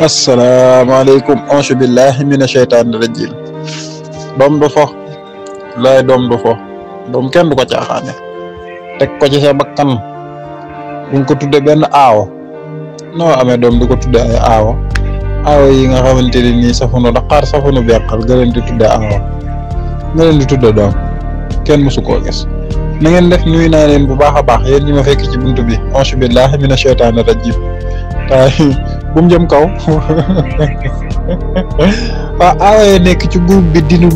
asalaamaaleykum anche billahi mina sheytaani rajim doom du fo lay doom du fo doom kenn du ko caaxaane teg ko ci sa bakkan bu ko tudde benn aawo noo amee doom di ko tudde ay aawo yi nga xamante ne nii safunu daqaar safunu beqal nga leen di tudde aawo nga leen di tudde doom kenn mësu koo gis na ngeen def nuyu naa leen bu baax a baax yéen ñi ma fekk ci buntu bi anche billahi mina sheytaani rajim bu mu jëm kaw waaw aawee nekk ci groupe bi dinu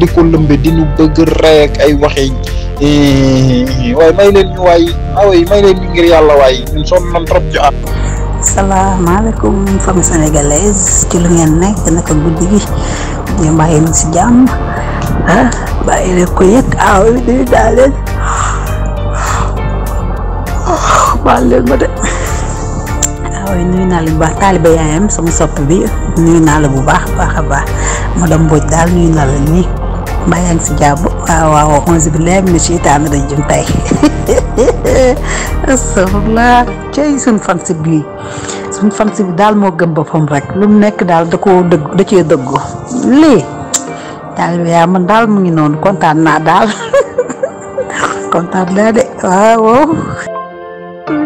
di ko lëmbe dinu bëgg rey ay waxe eh, waaye may leen ñu waay aawee may leen ñu ngir yàlla waay ñun sonn nan trop ci àll. salaamaaleykum famille sénégalaise ci lu ngeen nekk naka guddi gi ñu bàyyi na si jàmm ah, bàyyi na ko yëg aawee bi daal leen ah, leen ma de. waaw nuyu naa la baax taaliba yaayam sama sopp bi nuyu naa la bu baax baax a baax madame Mbodj daal nuyu naa la nii mbaa yaa ngi si jàmm waaw ah, waaw onze bi lay am na seytaane rajim tey astafurlah cey suñ fan si suñ fan bi daal moo gëm boppam rek lu mu nekk daal da koo dëgg da dëggu lii taaliba yaa man daal mu ngi noonu kontaan naa daal kontaan naa de waaw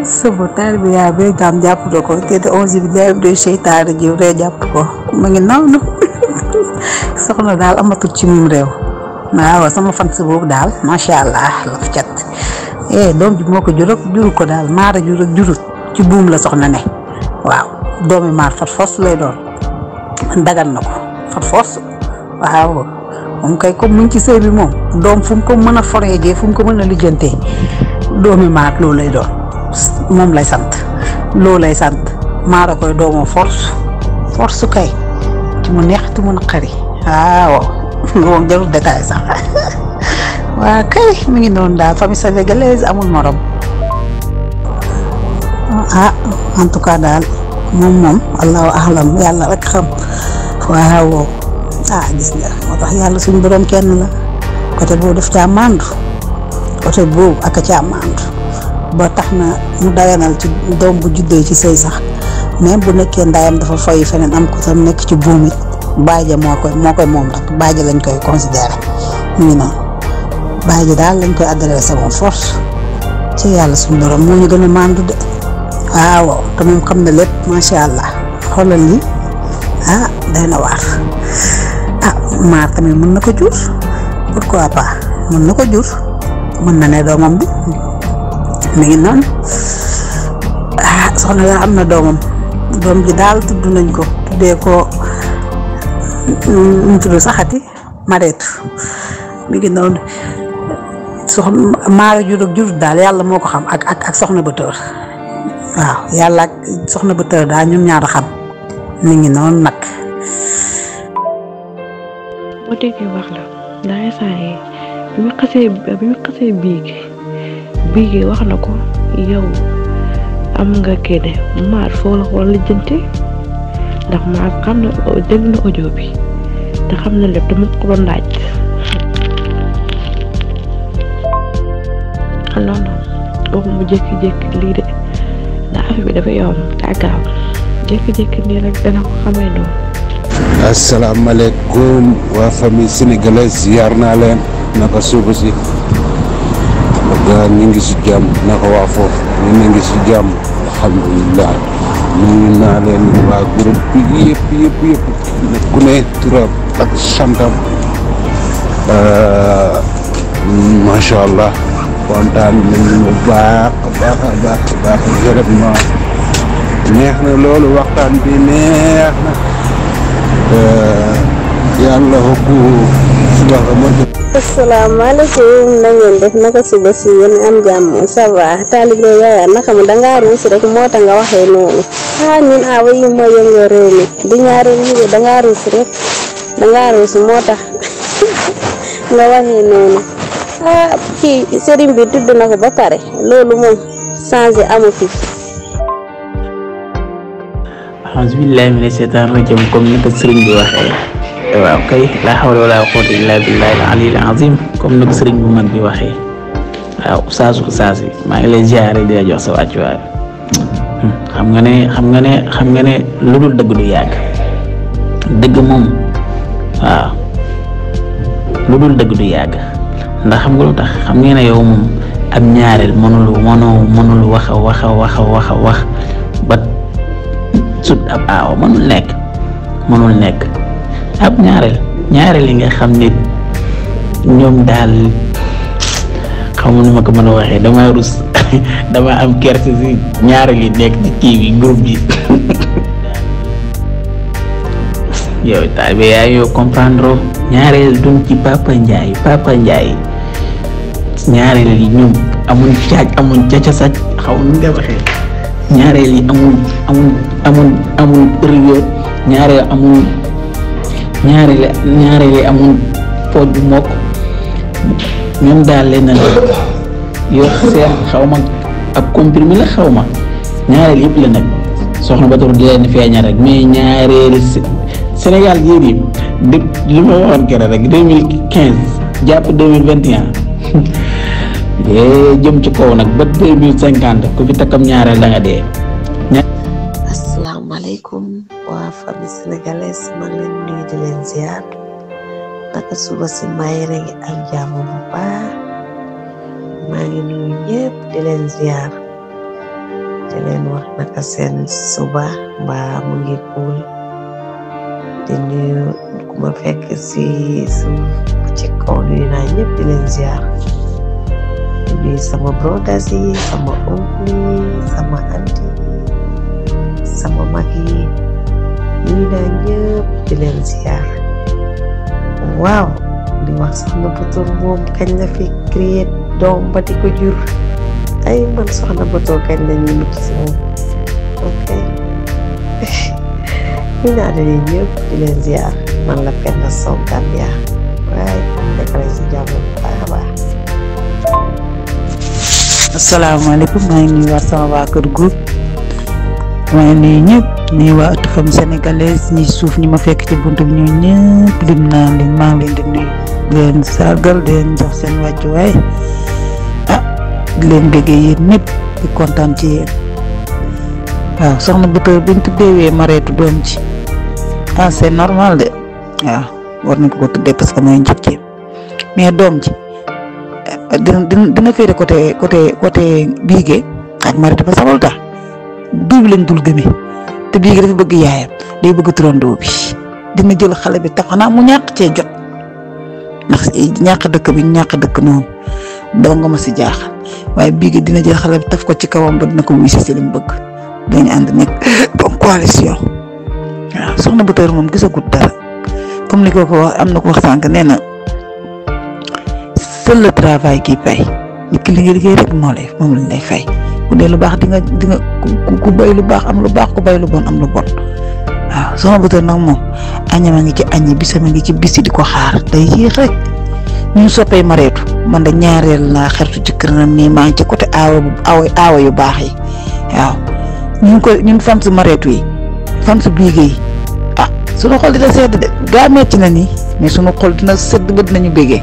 sëbu tarbiya bi gam jàppale ko te de ji ree jàpp ko mu ngi noonu soxna daal amatul ci mum réew waaw sama fan si boobu daal macha allah eh, ko daal maara jur jurut ci buum la soxna ne waaw doomi maar fat force lay doon dagan na ko fat force waaw moom kay comme muñ ci sëy bi moom doom fu mu ko mën a foree jee fu mu ko mën a lijjantee doomi maar loolu lay doon. moom lay sant loolu lay sant maara koy doomoo force force kay ci mu neex ci mu naqari waaw moom ngi noonu daal famille sénégalaise amul morom ah en tout cas daal moom moom allahu ahlam yàlla rek xam waaw ah, gis nga moo tax yàlla suñu borom kenn la côté boobu daf caa maandu côté boobu ak caa maandu ba tax na ñu daganal ci doom bu juddee ci sëy sax même bu nekkee ndaayam dafa foy feneen am ko tam nekk ci buumit baaja moo koy moo koy moom rek baaja lañ koy considéré mu ngi baay baaja daal lañ koy adressé moom force ci yàlla suñ borom moo ñu gën a maandu de ah, waaw te xam ne lépp macha allah xoolal li ah day na waar ah maar tamit mën na ko jur pourquoi pas mën na ko jur mën na ne doomam bi mi ngi noonu ah soxna yaa am na doomam doom ji daal tudd nañ ko tuddee ko mu tudd saxati mareetu mi ngi noonu soxna maara jur daal yàlla moo ko xam ak ak ak soxna ba waaw yàlla ak soxna ba tër daal ñun ñaar xam mi ngi noonu nag. boo déggee wax la bi ma xasee bi ma bii wax na ko yow am nga kene maar foo la xool lijjante ndax maar xam na dégg na audio bi te xam na lépp dama ko doon laaj non non mu jékki-jékki lii de ndax affaire bi dafa yomb daa gaaw jékki-jékki nii rek dana ko xamee noonu. asalaamaaleykum waa famille sénégalaise ziar naa leen naka suuba si. gaa ñu ngi si jàmm naka waa foofu ñu na ngi naa leen waa groupe bi yëpp yëpp yëpp ku ak santam euh, macha allah kontaan nañu bu baax baax a baax a baax neex na loolu waxtaan bi neex na euh, yàlla ko ku suba ma asalaamaaleykum na ngeen def naka suba si yéen am jàmm ça va taalibe yaaya ah, naka mu dangaa ruus rek moo tax nga waxee noonu ah ñun awa ah, yi mooy yëngoo réew mi di ñaari ruus dangaa ruus ruus moo tax nga waxee noonu ah kii sëriñ bi tudd na ba pare loolu moom changé amu alhamdulilah mi ne seetaan rajim comme ni ko sëriñ bi waxee waaw kay laa xawla wala quwwata illa billahi al aliyil azim comme nag sëriñ bu mag bi waxee waaw saasu saas maa ngi lay ziare di jox sa wàccuwaay xam nga ne xam nga ne xam nga ne lu dul dëgg du yàgg dëgg moom waaw lu dul dëgg du yàgg ndax xam nga lu tax xam nga ne yow moom ab ñaareel mënul mënoo mënul wax a wax a wax a wax sut ab aaw mënul nekk mënul nekk ab ñaareel ñaareel yi nga xam ne ñoom daal xamu nu ma ko mën a waxee dama rus dama am kerse si ñaareel yi nekk ci kii bi groupe bi yow taalibe yaa yoo comprendre ñaareel duñ Papa Ndiaye Papa Ndiaye ñaareel ñoom amuñ caaj amuñ caca sax xaw nga waxee ñaareel yi amul amul amul amul période ñaareel amul ñaareel ñaareel amul pooj bu mokk ñoom daal leen na yoo seex xaw ma ak comprimé la xaw ma ñaareel yëpp la nag soxna Batour di leen feeñal rek mais ñaareeli Sénégal yéen yi di li ma waxoon keroog rek deux mille quinze jàpp deux mille vingt et un yee eh, jëm ci kaw nag ba deux mille cinquante ku fi takkam ñaareel da nga dee. asalaamaaleykum waa famille sénégalaise man leen nuyu di leen ziar naka suba si maa ngi rek ak jàmm bu baax di leen ziar di leen wax naka seen suba mbaa mu ngi kuul di nuyu ku ma fekk si suuf ci kaw nuyu naa di leen ziar. nuyu sama brothers yi sama oncle yi sama anti yi sama mag yi nuyu naa ñëpp di leen ziar waaw di wax soxna Bator moom kañ la man soxna Bator kañ la ñu mucc si moom ok nuyu naa leen ñëpp di leen man la Penda Sow Gambia waaye nekk nañ si jàmm bu asalaamaaleykum maa ngi nuyuwaat sama waa kër gu maa ngi nuyu ñëpp nuyu waa ëttu femme sénégalaise ñi suuf ñi ma fekk ci buntu bi ñoom ñëpp lim naa leen maa ngi leen di nuyu leen sargal leen jox seen wàccuwaay ah leen bëggee yéen ñëpp di kontaan ci yéen waaw soxna Bator bi ñu tuddee wee mareetu doom ci ah c'est normal de waaw war nañ ko ko tuddee parce que mooy njëkk mais doom ci. dina dina dina féete côté côté côté biige ak mari dafa sabal tax biir bi lañ dul gëmee te biige dafa bëgg yaayam day bëgg turandoo bi dina jël xale bi tax xanaa mu ñàkk cee jot ndax ñàkk dëkk bi ñàkk dëkk noonu doo nga ma si jaaxal waaye biige dina jël xale bi taf ko ci kawam ba dina ko wisi si li mu bëgg dañu ànd nekk bon coalition waaw soxna bu tër moom gisagut dara comme ni ko ko am na ko wax sànq nee seul le travail qui paye nit ki li nga liggéey rek moom lañ lay fay ku dee lu baax di nga di ku bay lu baax am lu baax ku bay lu bon am lu bon waaw sama bëtër nag moom añam a ngi ci añi bisam a ngi ci bisi di ko xaar day yéex rek ñun soppee mareetu man da ñaareel naa xertu ci këram nii maa ngi ci côté aawa bu aawa yu baax yi waaw ñun ko ñun fan su mareetu yi fan su biige yi ah sunu xol dina sedd de na nii mais sunu xol dina sedd ba dinañu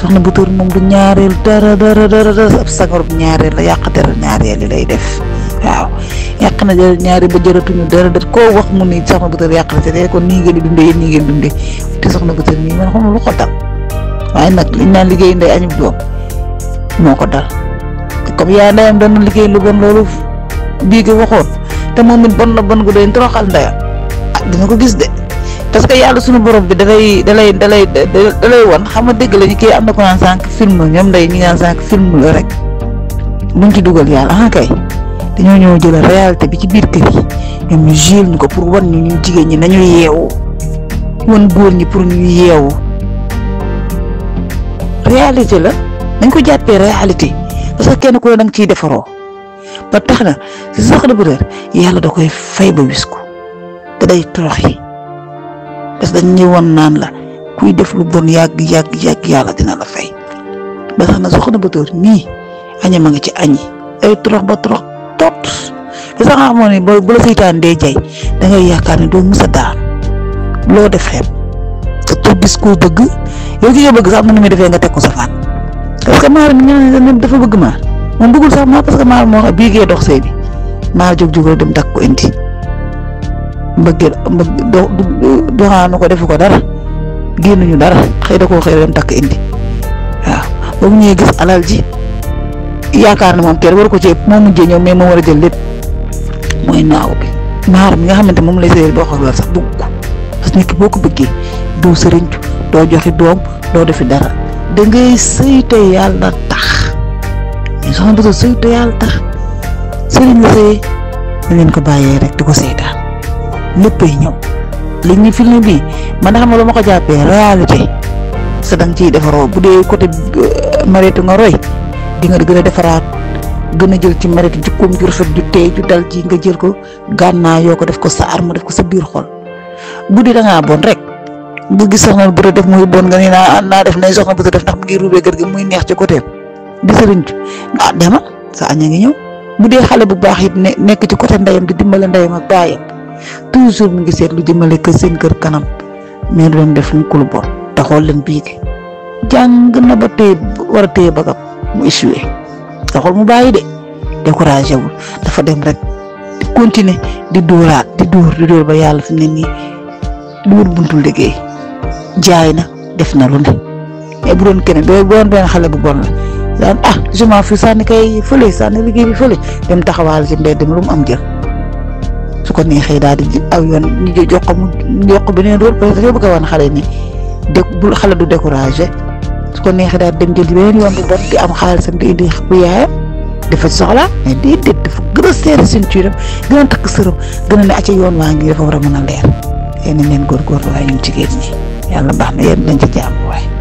soxna bu tóor moom du ñaareel dara dara dara dara ab ñaareel la yàq dara ñaareel yi lay def waaw yàq na dara ñaari ba jaratuñu dara dara koo wax mu ni soxna bu tóor yàq na te kon nii ngeen di dundee nii ngeen dundee te soxna bu tóor nii man ko dal waaye nag liñ liggéey ndey añub doom moo ko dal comme yaa ndeyam doon na liggéey lu bon loolu bii gi waxoon te moom it bon na bon gu doon toroxal ndeyam ah dina ko gis de parce que yàlla suñu borom bi dalay dalay dalay xam nga dégg lañu kii am na ko naan sànq film ñoom day ñi naan sànq film la rek buñ ci dugal yàlla ah kay dañoo ñëw jël réalité bi ci biir kër yi ñoom ñu gil ñu ko pour wan ñu ñu jigéen ñi nañu yeewu wan góor ñi pour ñu yeewu réalité la dañ ko jàppee réalité parce que kenn ku ne da ciy defaroo ba tax na si soxla bu réer yàlla da koy fay ba wis te day torox yi parce que dañ ñëwoon naan la kuy def lu bon yàgg yàgg yàgg yàlla dina la fay ba tax na soxna Batoor mii añam a nga ci añi ay torox ba torox tot te sax nga xamoon ne boo bu la seytaan dee jay da ngay yaakaar ne doo mus a loo def xeeb te pour gis koo bëgg yow ki nga bëgg sax am na nu muy defee nga teg ko sa faat parce que maar mi ñu ne dafa bëgg maar moom bëggul sax maar parce que maar moo xam bii gee dox sëy bi maar jóg jóg dem takk ko indi. mbëggeel mbëgg doxaanu ko defu ko dara génnuñu dara xëy da koo xëy dem takk indi waaw ba ñëwee gis alal ji yaakaar na moom kenn war ko ci moom mujjee ñëw mais moom war a jël lépp mooy naaw bi maar mi nga xamante moom lay sëyal boo xool sax bëgg ko parce boo ko bëggee doo sëriñtu doo joxe doom doo defi dara da ngay sëy te yàlla tax ñu soxna bu sëy yàlla tax sëriñ la sëyee na leen ko bàyyee rek di ko seetaan léppay ñëw léegi ñu film bi man xam ma lu ma ko jàppee réalité sa da ciy defaroo bu dee côté euh, Mariétu nga roy di nga gën a defaraat gën a jël ci Mariétu jikkoom ju rafet ju tey ju dal ci nga jël ko gànnaa yoo ko def ko sa arme def ko sa biir xol bu dee da ngaa bon rek nga gis soxna bu def muy bon nga ne naa ah, naa def nay soxna bu def ndax mu ngi ruubee kër gi muy neex ci côté di sëriñ ah demal sa añ a ngi ñëw bu dee xale bu baax it nekk ci côté ndeyam di dimbale ndeyam ak baayam toujours mi ngi seet lu jëmale ko seen kër kanam mais doon def ñu ko lu bon te xool leen bii de jàng na ba téye war a téye bagam mu échoué taxul mu bàyyi de découragé wul dafa dem rek di continuer di dóoraat di dóor di dóor ba yàlla fi mu ne nii lu buntu liggéey jaay na def na lu ne mais bu doon keneen day doon benn xale bu bon la daan ah je m'en fous sànni kay fële sànni liggéey bi fële dem taxawaal ci mbedd mi lu mu am jël. su ko neexee daal di aw yoon ñu jox ko mu jox ko beneen rôle parce que dañoo bëgg a wan xale ni dé bu xale du découragé su ko neexee daal dem jël beneen yoon bu bon di am xaalisam di indi bu yaayam dafa soxla mais déedéet dafa gën a serré ceinture gën a takk sërëm gën a ne acca yoon waa ngi dafa war a mën a leer yéen a leen góorgóorlu waaye ñun jigéen ñi yàlla baax na yéen dañ ci jàmm waaye.